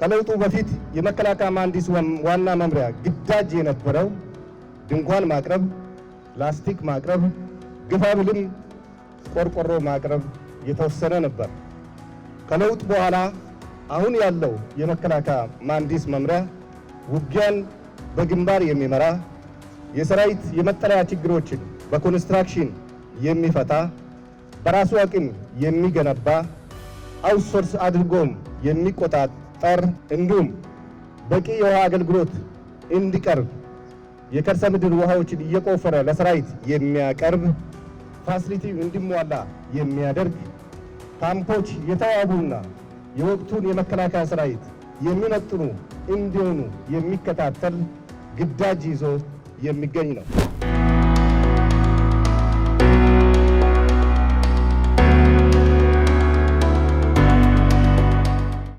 ከለውጡ በፊት የመከላከያ መሐንዲስ ዋና መምሪያ ግዳጅ የነበረው ድንኳን ማቅረብ፣ ላስቲክ ማቅረብ፣ ግፋብልም ቆርቆሮ ማቅረብ የተወሰነ ነበር። ከለውጥ በኋላ አሁን ያለው የመከላከያ መሐንዲስ መምሪያ ውጊያን በግንባር የሚመራ የሰራዊት የመጠለያ ችግሮችን በኮንስትራክሽን የሚፈታ በራሱ አቅም የሚገነባ አውትሶርስ አድርጎም የሚቆጣ መፍጠር እንዲሁም በቂ የውሃ አገልግሎት እንዲቀርብ የከርሰ ምድር ውሃዎችን እየቆፈረ ለሰራዊት የሚያቀርብ ፋሲሊቲ እንዲሟላ የሚያደርግ ታምፖች የተዋቡና የወቅቱን የመከላከያ ሰራዊት የሚመጥኑ እንዲሆኑ የሚከታተል ግዳጅ ይዞ የሚገኝ ነው።